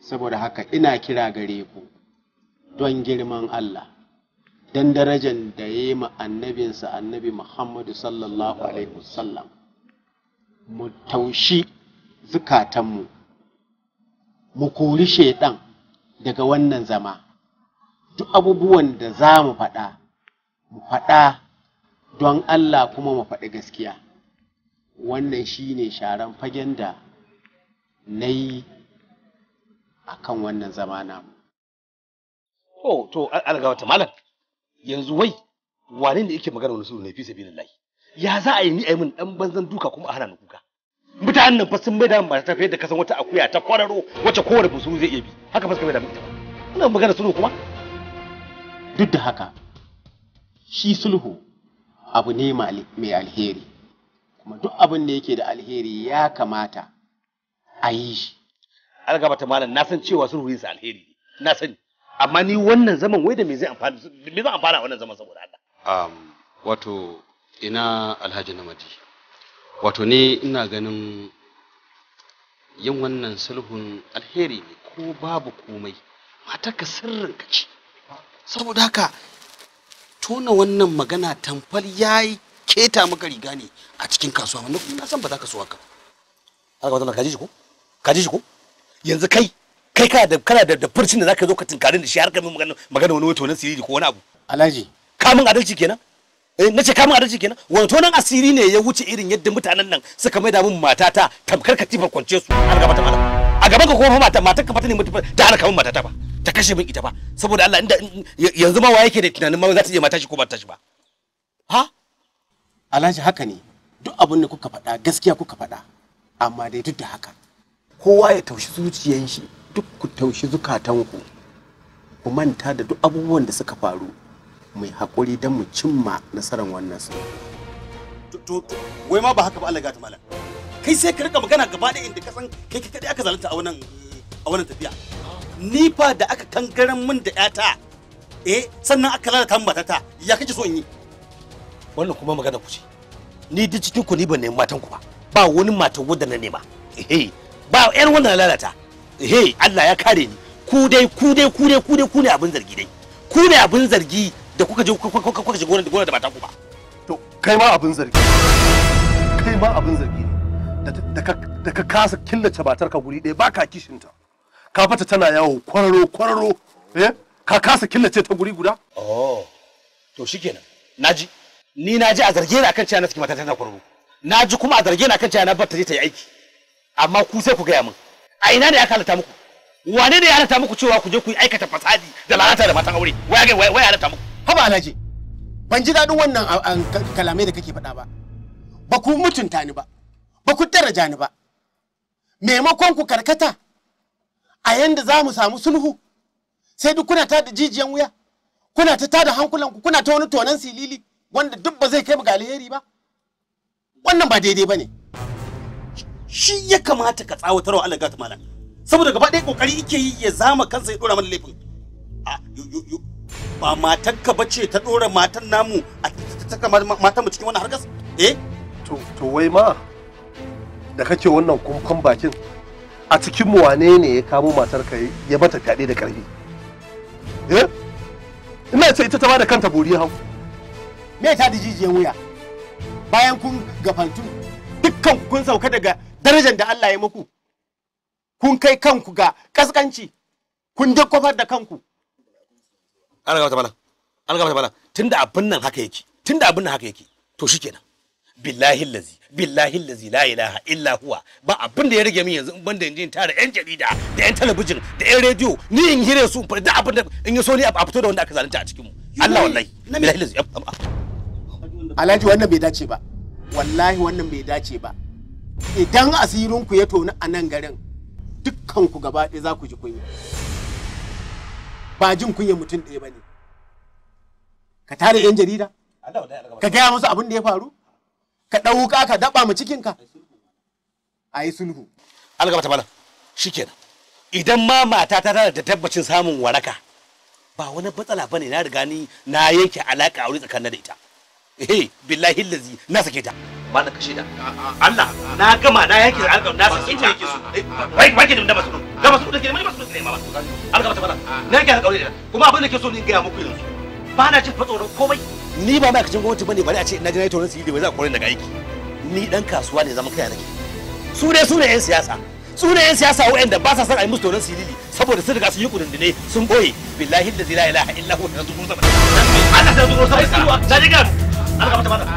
saboda haka ina kira gare ku don girman Allah don darajar da ya yi annabinsa annabi Muhammadu sallallahu alaihi wasallam mu taushi zukatanmu mu kori shaiɗan daga wannan zama duk abubuwan da za mu faɗa mu faɗa don Allah kuma mu faɗi gaskiya wannan shine sharan fagen da na yi a kan wannan zama namu to to ga wata malam yanzu wai wane ne yake magana wani sulhu ne fi sabilillahi ya za a yi ni a yi min ɗan banzan duka kuma a hana ni kuka mutanen nan fa sun mai da mata tafiyar da kasan wata akuya ta kwararo wacce kowane busu zai iya bi haka ba mai da ita wannan magana sulhu kuma duk da haka shi sulhu abu ne mai alheri kuma duk abin da yake da alheri ya kamata a yi shi algaba ta malam na san cewa sulhu yin sa alheri na sani amma ni wannan zaman wai da me zai amfana me zai amfana wannan zaman saboda Allah um wato ina Alhaji Namadi wato ni ina ganin yin wannan sulhun alheri ne ko babu komai matarka ka ce saboda haka tona wannan magana tamfar ya yi keta maka riga ne a cikin kasuwa wanda kuma na san ba za ka so haka ba haka ka ji shi ko ka ji shi ko yanzu kai kai kana da kana da furcin da zaka zo ka tinkarin da shi har ka magana magana wani wato na sirri ko wani abu alhaji kamun adalci kenan Eh, na ce kamun adalci kenan wato nan asiri ne ya wuce irin yadda mutanen nan suka maida min matata tamkar katifar kwance su an gaba ta mana a gaban ka kuma fa mata matar ka fata ne mutu da ana kamun matata ba ta kashe min ita ba saboda Allah inda yanzu ma wa yake da tunanin ma za ta iya mata shi ko ba ta shi ba ha alhaji haka ne duk abin da kuka faɗa gaskiya kuka faɗa amma dai duk da haka kowa ya taushi zuciyan shi duk ku taushi zukatanku ku manta da duk abubuwan da suka faru mai haƙuri don mu cimma nasarar wannan su. Wai ma ba haka ba Allah ta malam. Kai sai ka rika magana gaba da inda ka san kai ka kaɗai aka zalunta a wannan a wannan tafiya. Ni fa da aka kangaren min da ƴata eh sannan aka lalata min matata ya kake so in yi. Wannan kuma magana ku ce. Ni duk cikin ku ni ban nemi matan ku ba. Ba wani matan wadda na nema. Ehe ba ƴar wannan lalata. Ehe Allah ya kare ni. Ku dai ku dai ku dai ku dai ku ne abin zargi dai. Ku ne abin zargi da kuka je kuka je gonar da ba ta ku ba to kai ma abin zargi kai ma abin zargi ne da ka kasa killace batar ka guri ɗaya ba ka kishinta ka fata tana yawo kwararo kwararo eh ka kasa killace ta guri guda oh to shikenan naji ni naji a zarge ni akan cewa na saki matar tana kwararo naji kuma a zarge ni akan cewa na bar ta je ta yi aiki amma ku sai ku gaya min a ina ne aka kalata muku wane ne ya halatta muku cewa ku je ku aikata fasadi da lalata da matan aure waya waya halatta muku haba alhaji ban ji daɗin wannan kalamai da kake faɗa ba ba ku mutunta ni ba ba ku daraja ni ba maimakon ku karkata a yanda za mu samu sulhu sai duk kuna ta da jijiyan wuya kuna ta tada hankulanku kuna ta wani tonan silili wanda duk ba zai kai mu ga alheri ba wannan ba daidai ba ne shi ya kamata ka tsawatarwa Allah gata malam saboda gaba ɗaya kokari yake yi ya zama kansa ya dora mana laifin ah, ba matanka ba ce ta ɗora matan namu a ta matan mu cikin wani harkas eh to to wai ma da kake wannan kumfan bakin a cikin mu wane ne ya kamo matar ka ya mata fyaɗe da ƙarfi eh ina ce ita ta bada da kanta buri hau me ta da jijiyar wuya bayan kun gafantu dukkan kun sauka daga darajar da Allah ya muku kun kai kanku ga kaskanci kun dakkofar da kanku an gaba ta bala an gaba ta bala tunda abin nan haka yake tunda abin nan haka yake to kenan billahi lazi billahi lazi la ilaha illa huwa ba abin da ya rage min yanzu in banda in tare yan jarida da yan talabijin da yan rediyo ni in hire su da abin da in yi so ni a fito da wanda aka zalunta a cikin mu Allah wallahi billahi lazi Alhaji wannan bai dace ba wallahi wannan bai dace ba idan asirin ku ya toni a nan garin dukkan ku gaba ɗaya za ku ji kunya ba jin kunya mutum ɗaya bane ne ka tare yan jarida ka gaya musu abin da ya faru ka ɗauka ka daɓa mu cikinka a yi sulhu algaba ta malam shikenan idan ma mata ta tana da tabbacin samun waraka ba wani batsala ba ne na riga ni na yanke alaƙa wuri tsakanin da ita eh billahi lazi na sake ta ba na Allah na gama na yake da na sakin ta yake so ba bai da masu da masu da ke mai masu ne ma algaba ta fara na yake alƙawari da kuma abin da ke so ni ga muku yanzu ba na jin fatsoron komai ni ba ma'aikacin gwamnati bane bari a ce na ji na yi taurin su yi da bai za a kore daga aiki ni dan kasuwa ne zaman kai nake su ne su ne yan siyasa su ne 'yan siyasa ba sa son a yi musu taurin sirili saboda sun riga sun yi kudundune sun boye billahi da zila ilaha illahu da zuwa sama ta zuwa sama da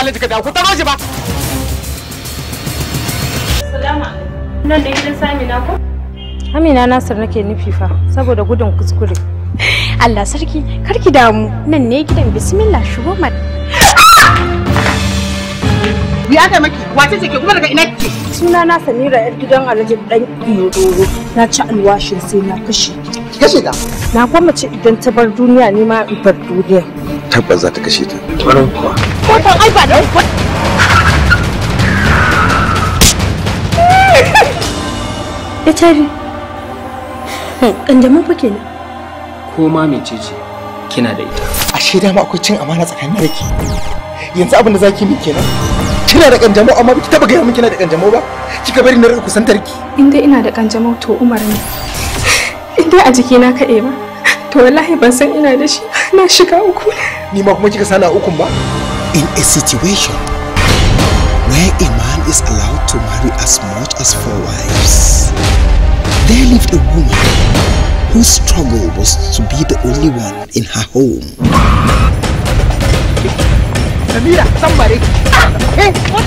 alhaji ka da ku taro shi ba salamu nan da gidan Amina Nasir nake nufi fa saboda gudun kuskure Allah sarki karki damu nan ne gidan bismillah shugo mat ah! Ya ta maki wace ce ke kuma daga ina ke. Suna na Samira yar gidan Alhaji dan Iyo Dogo na ci alwashin sai na kashe kashe da na ce idan ta bar duniya ne ma in bar duniya tabbas za ta kashe ta. Tsoron kuwa. Wata ai ba da Ya tari. Kanjamin fa kenan. Ko ma ce kina da ita. Ashe dama akwai cin amana tsakanin da ke. Yanzu abin da zaki min kenan. Kina da ƙanjamau amma biki taɓa gaya min kina da ƙanjamau ba. Kika bari na rika kusantar ki. In dai ina da ƙanjamau to umarni In dai a jikina kaɗe ba. to wallahi ban san ina da shi na shiga uku ni ma kuma kika sana uku ba in a situation where a man is allowed to marry as much as four wives there lived a woman whose struggle was to be the only one in her home Samira, somebody. Ah, hey, what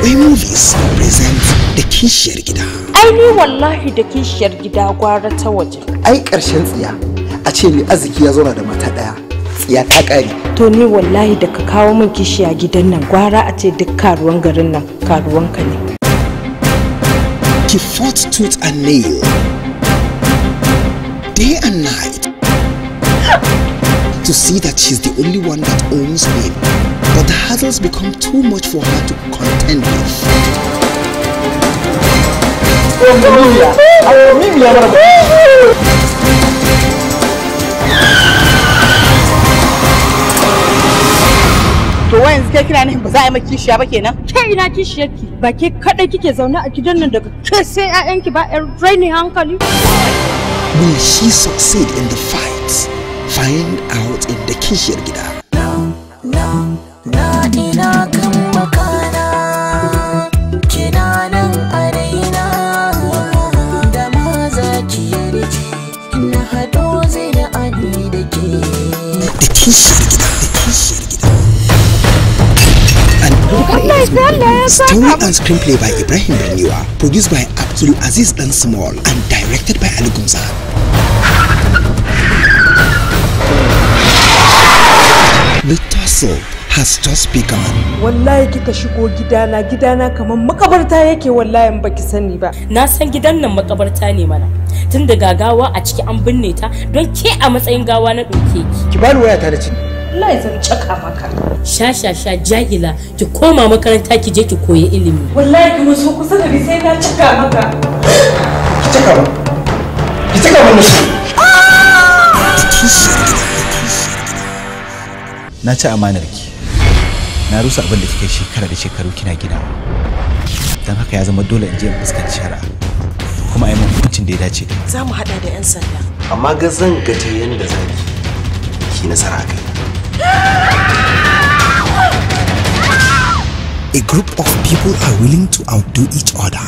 the... Movies presents the Kishir Gida. ai ni wallahi da kishiyar gida gwara ta waje ai ƙarshen tsiya a ce ni arziki ya zauna da mata ɗaya tsiya ta ƙare to ni wallahi da ka kawo min kishiya gidan nan gwara a ce duk karuwan garin nan ka ne ki fought tooth and nail day and night to see that she's the only one that owns me but the hassles become too much for her to contend with ko mimiya a ba to wayan ke kira ni ba za a yi maki kishiya ba kenan ke ina kishiyar ki ba ke kadai kike zaune a gidan nan daga ke sai ƴaƴan ki ba ƴar rainin hankali will she succeed in the fight find out in the kishiyar gida kishiyar gida kishiyar Story and screenplay by Ibrahim Berniwa, produced by Abdul Aziz and Small and directed by Ali Gunza. The tussle has just begun. Wallahi kika shigo gidana gidana kamar makabarta yake wallahi baki sani ba. Na san gidan nan makabarta ne mana. tun da gagawa a ciki an binne ta don ke a matsayin gawa na ɗauke ki. Ki bani ta da ciki. Allah zan caka maka. Sha sha sha jahila ki koma makaranta ki je ki koyi ilimi. Wallahi ki musu kusa da ni sai na caka maka. Ki caka ba. Ki caka ba musu. Na ci amanar ki. Na rusa abin da kike shekara da shekaru kina gina. Dan haka ya zama dole in je in fuskanci shari'a. kuma a yi hukuncin da ya dace za mu haɗa da 'yan sanda amma ga zan ga ta yadda za ki ki nasara kai A group of people are willing to outdo each other,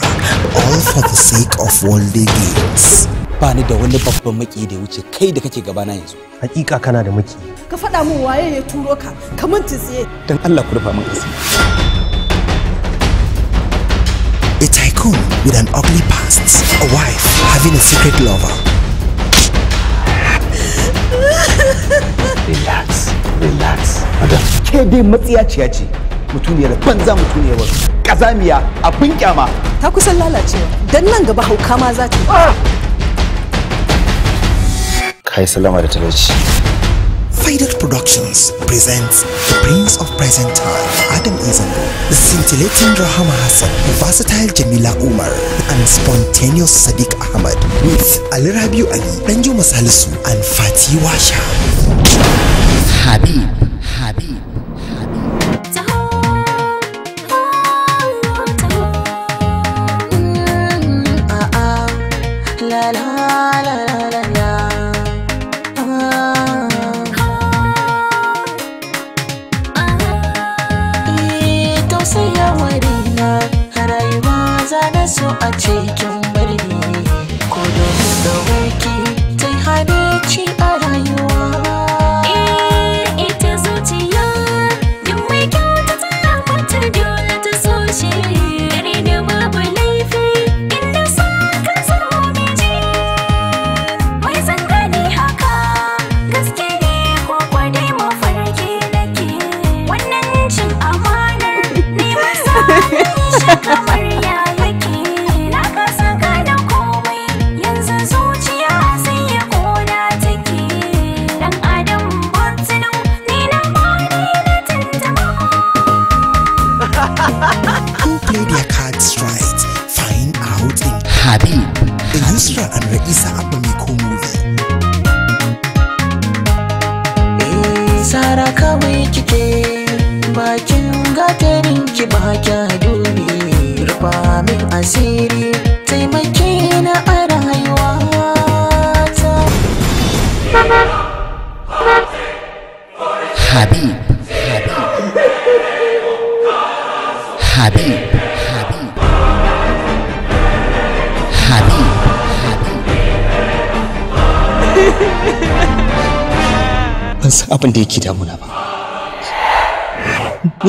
all for the sake of worldly gains. Ba da wani babban maki da ya wuce kai da kake gabana yanzu. Hakika kana da maki. Ka faɗa min waye ya turo ka, ka mun tsiye. Dan Allah ku rufa min asiri. school with an ugly past, a wife having a secret lover. relax, relax, madam. Ke dai matsiyaciya ce, mutuniyar banza mutuniyar wasu. a abin kyama. Ta kusan lalacewa, don nan gaba hauka ma za ta. Kai salama da talauci. Kaidat Productions presents the Prince of Present Time, Adam Izango, the scintillating Rahama Hassan, the versatile Jamila Umar, and spontaneous Sadiq Ahmad with Ali Rabiu Ali, Benjo Masalisu, and Fatih Washa. Habib, Habib.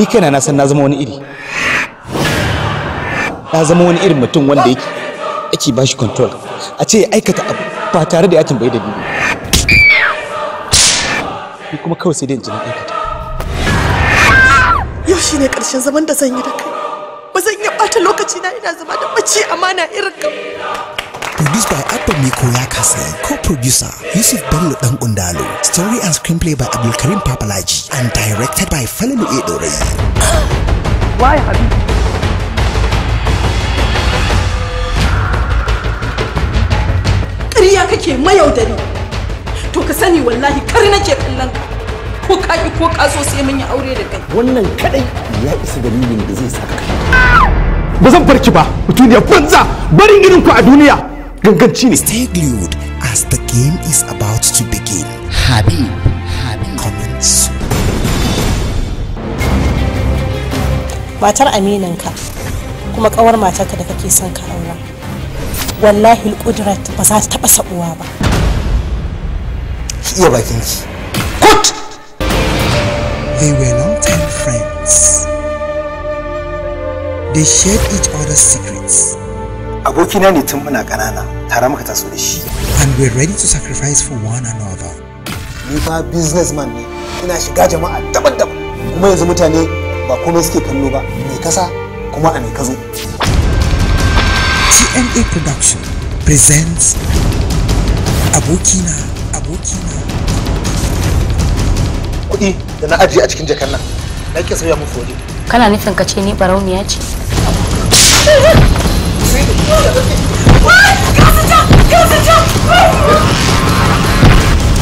ni kaina na san na zama wani iri na zama wani irin mutum wanda yake ake bashi control a ce ya aikata abu ba tare da ya tambayi biyu. ni kuma kawai sai dai in ji na aikata yau shine karshen zaman da zan yi da kai ba zan iya ɓata lokaci na ina zama da mace amana irin ka Produced by Abba Miko Yakasle, co-producer Yusuf Bello Dangundalo, story and screenplay by Abdulkarim Papalaji, and directed by Falalu A. Why have you? Kariya kake mayaudari. To ka sani wallahi kar nake kallon ka. Ko ka ki ko ka so sai mun yi aure da kai. Wannan kadai ya isa dalilin da zai saka kai. Ba zan farki ba, mutuniyar banza, barin ginin ku a duniya. Ganganci ne. Stay glued as the game is about to begin. Habib matar ka kuma kawar matarka da kake son ka aura wallahi alqudrat ba za ta taɓa sa'uwa ba ki iya bakinki kut They were long time friends they shared each other's secrets abokina ne tun muna ƙanana tare muka taso da shi and we're ready to sacrifice for one another ni fa businessman ne ina shiga jama'a daban-daban kuma yanzu mutane ba komai suke kallo ba mai kasa kuma a mai kazo tna Production presents abokina abokina kuɗi da na ajiye a cikin jakan nan na ke sauya musu waje kana nufin ka ce ni barauniya ce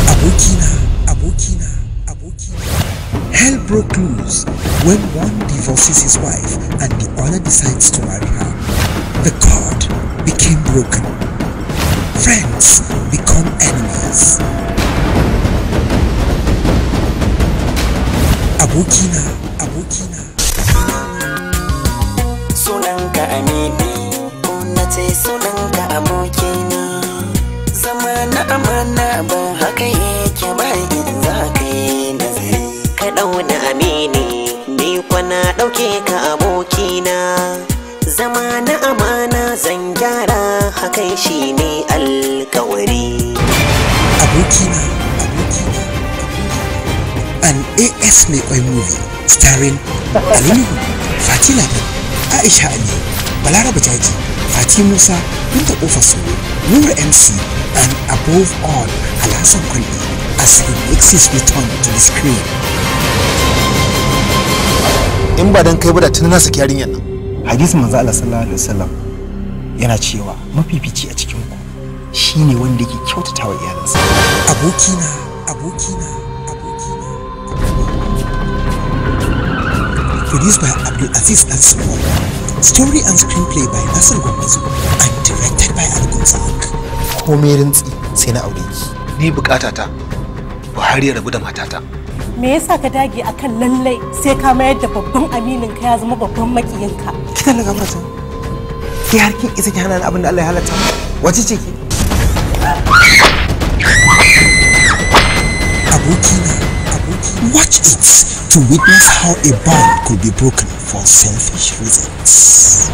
abokina abokina abokina hellbrook news When one divorces his wife and the other decides to marry her, the cord became broken. Friends become enemies. Abokina, abokina. Sunanka shi ne alkawari abokina abokina an as mai kwai movie starring Alinihu, fati ladan aisha ali balaraba jaji fati musa binta Kofa soro nura mc and above all alhassan kwalli as he makes his return to the screen in ba dan kai ba da tun nasa kyarin yarinyar nan hadisi manzo Allah sallallahu alaihi wasallam yana cewa mafifici a cikin ku shine wanda yake kyautata wa iyalansa abokina abokina abokina produced by Abdul Aziz Ansari story and screenplay by Nasir Gwamnati. and directed by al Ko komai rintsi sai na aure ki ni bukata ta Buhari ya rabu da matata me yasa ka dage akan lallai sai ka mayar da babban aminin ka ya zama babban makiyinka kika na gamata ke harkin isa ki hana abin da Allah ya halatta wace ce ke abokina watch it to witness how a bond could be broken for selfish reasons